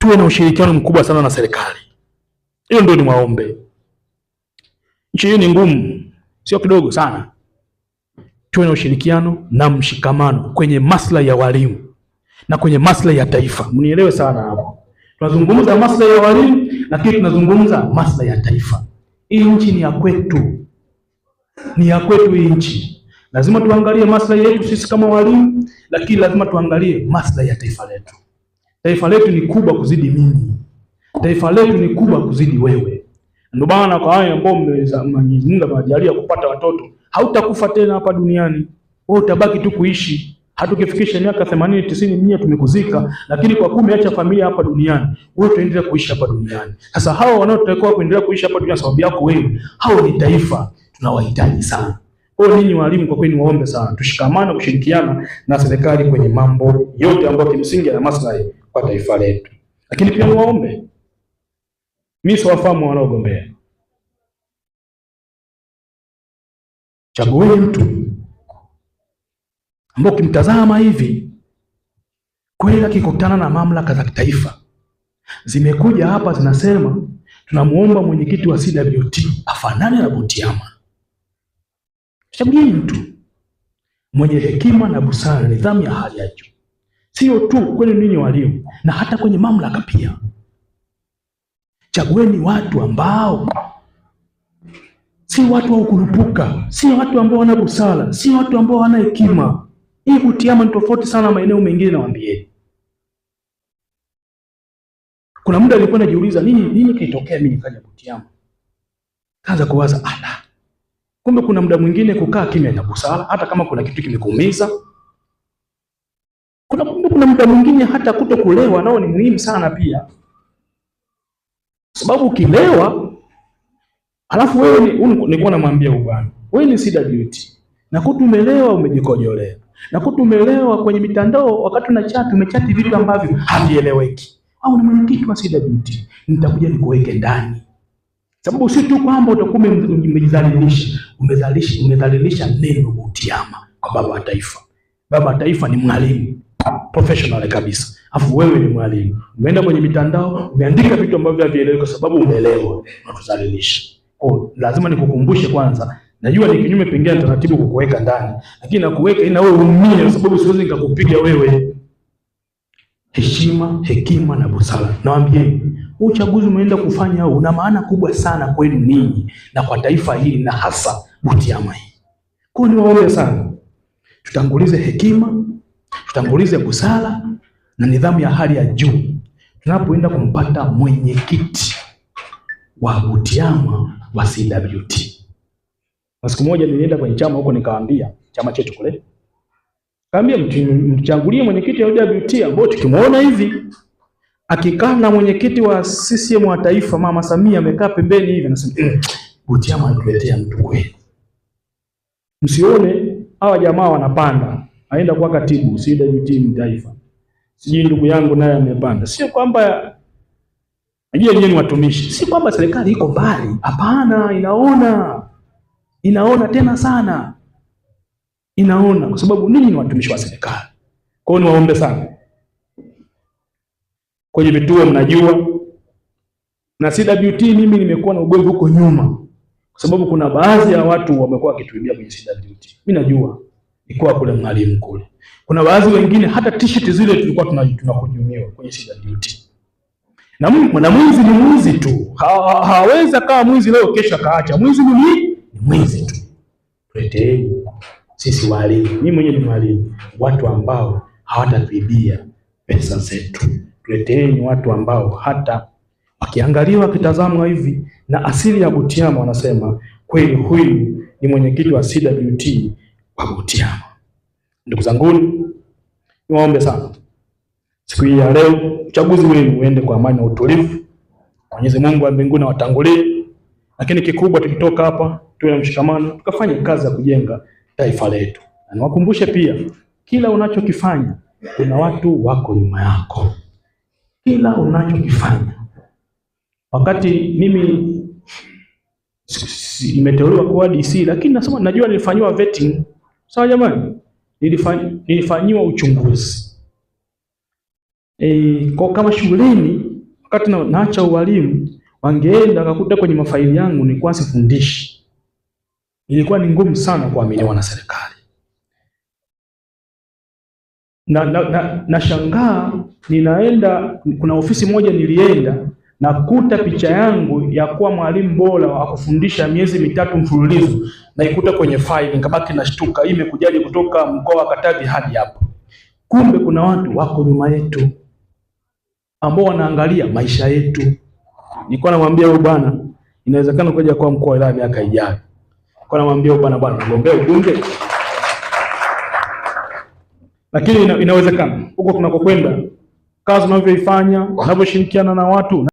tuwe na ushirikiano mkubwa sana na serikali. Hiyo ndio ni niwaombe. Nchi hii ni ngumu, sio kidogo sana. Tuwe na ushirikiano na mshikamano kwenye maslahi ya walimu na kwenye maslahi ya taifa. Mnielewe sana hapo. Tunazungumza maslahi ya walimu, lakini tunazungumza maslahi ya taifa. Hii nchi ni ya kwetu, ni ya kwetu hii nchi. Lazima tuangalie maslahi yetu sisi kama walimu, lakini lazima tuangalie maslahi ya taifa letu. Taifa letu ni kubwa kuzidi mimi, taifa letu ni kubwa kuzidi wewe. Ndio maana kwa hayo ambao Mwenyezi Mungu amewajalia kupata watoto, hautakufa tena hapa duniani, wewe utabaki tu kuishi. Hatukifikisha miaka 80, 90, 100 tumekuzika, lakini kwa kumi acha familia hapa duniani, wewe utaendelea kuishi hapa duniani. Sasa hao wanaotakiwa kuendelea kuishi hapa duniani sababu yako wewe, hao ni taifa, tunawahitaji sana. Kwa hiyo ninyi walimu, kwa kweli niwaombe sana tushikamane kushirikiana na serikali kwenye mambo yote ambayo kimsingi yana maslahi kwa taifa letu. Lakini pia niwaombe, mimi siwafahamu wanaogombea. Chagueni mtu ambao ukimtazama hivi kweli akikutana na mamlaka za kitaifa zimekuja hapa zinasema tunamuomba mwenyekiti wa CWT afanane na Butiama. Chagueni mtu mwenye hekima na busara, nidhamu ya hali ya juu sio tu kwenye ninyi walimu, na hata kwenye mamlaka pia. Chagueni watu ambao si watu wa ukurupuka, si watu ambao wana busara, si watu ambao wana hekima. Hii Butiama ni tofauti sana maeneo mengine, Nawaambie, Kuna muda alikuwa anajiuliza nini nini kilitokea mimi nikaja Butiama. Kaanza kuwaza ala, kumbe kuna muda mwingine kukaa kimya na busara, hata kama kuna kitu kimekuumiza kuna kuna muda mwingine hata kuto kulewa nao ni muhimu sana pia, sababu ukilewa alafu wewe nilikuwa namwambia ubwana, wewe ni sida duty na kutu umelewa, umejikojolea na kutu umelewa kwenye mitandao, wakati na chat umechati vitu ambavyo havieleweki, au na mwenyekiti wa sida beauty, nitakuja nikuweke ndani sababu si tu kwamba utakuwa umejidhalilisha, umedhalilisha neno Butiama kwa baba wa taifa. Baba wa taifa ni mwalimu professional kabisa, afu wewe ni mwalimu, umeenda kwenye mitandao umeandika vitu ambavyo havielewi, kwa sababu umeelewa, unatuzalilisha. Kwa lazima nikukumbushe kwanza, najua ni kinyume pengine taratibu kukuweka ndani, lakini nakuweka ina wewe umie, kwa sababu siwezi nikakupiga wewe. Heshima, hekima na busara, nawaambie uchaguzi umeenda kufanya una maana kubwa sana kwenu ninyi na kwa taifa hili na hasa Butiama hii. Kwa niwaombe sana tutangulize hekima tutangulize busara na nidhamu ya hali ya juu tunapoenda kumpata mwenyekiti wa Butiama wa CWT. Na siku moja nilienda kwenye chama huko, nikaambia chama chetu kule, kaambia mtuchangulie mwenyekiti wa CWT ambao tukimwona hivi akikaa na mwenyekiti wa CCM wa taifa Mama Samia amekaa pembeni hivi, anasema eh, Butiama anatuletea mtu kweli. Msione hawa jamaa wanapanda aenda kwa katibu CWT taifa, sijui ndugu yangu naye amepanda. Sio kwamba najua wenyewe ni watumishi, si kwamba serikali iko mbali, hapana, inaona inaona tena sana inaona, kwa sababu ninyi ni watumishi wa serikali. Kwa hiyo niwaombe sana, kwenye vituo mnajua, na CWT mimi nimekuwa na ugomvi huko nyuma, kwa sababu kuna baadhi ya watu wamekuwa wakituibia kwenye CWT, mimi najua ikuwa kule mwalimu kule. Kuna baadhi wengine hata t-shirt zile tulikuwa tunahujumiwa kwenye shida duty. Na mwizi ni mwizi tu. ha, Hawezi akawa mwizi leo kesho akaacha. Mwizi ni nini? Ni mwizi tu. Tuleteni sisi walimu. Mimi mwenyewe ni mwalimu. Watu ambao hawataibia pesa zetu. Tuleteni watu ambao hata wakiangaliwa wakitazamwa hivi na asili ya Butiama wanasema kweli huyu ni mwenyekiti wa CWT wa Ndugu zanguni, niwaombe sana siku hii ya leo, uchaguzi wenu uende kwa amani na utulivu. Mwenyezi Mungu wa mbinguni awatangulie, lakini kikubwa tukitoka hapa tuwe na mshikamano, tukafanye kazi ya kujenga taifa letu. Na niwakumbushe pia, kila unachokifanya kuna watu wako nyuma yako, kila unachokifanya. Wakati mimi nimeteuliwa kuwa DC, lakini nasema najua nilifanyiwa vetting Sawa jamani, nilifanyiwa uchunguzi e, kwa kama shuleni wakati na, naacha uwalimu wangeenda akakuta kwenye mafaili yangu nilikuwa sifundishi. Ilikuwa ni ngumu sana kuaminiwa na serikali na, na, na, na shangaa ninaenda, kuna ofisi moja nilienda nakuta picha yangu ya kuwa mwalimu bora wa kufundisha miezi mitatu mfululizo naikuta kwenye faili, nikabaki nashtuka, hii imekujaje kutoka mkoa wa Katavi hadi hapo? Kumbe kuna watu wako nyuma yetu ambao wanaangalia maisha yetu. Nilikuwa namwambia huyu bwana, inawezekana kuja kwa mkoa wa miaka ijayo. Nilikuwa namwambia huyu bwana, bwana nagombea ubunge, lakini inawezekana huko tunakokwenda kazi unavyoifanya unavyoshirikiana na watu na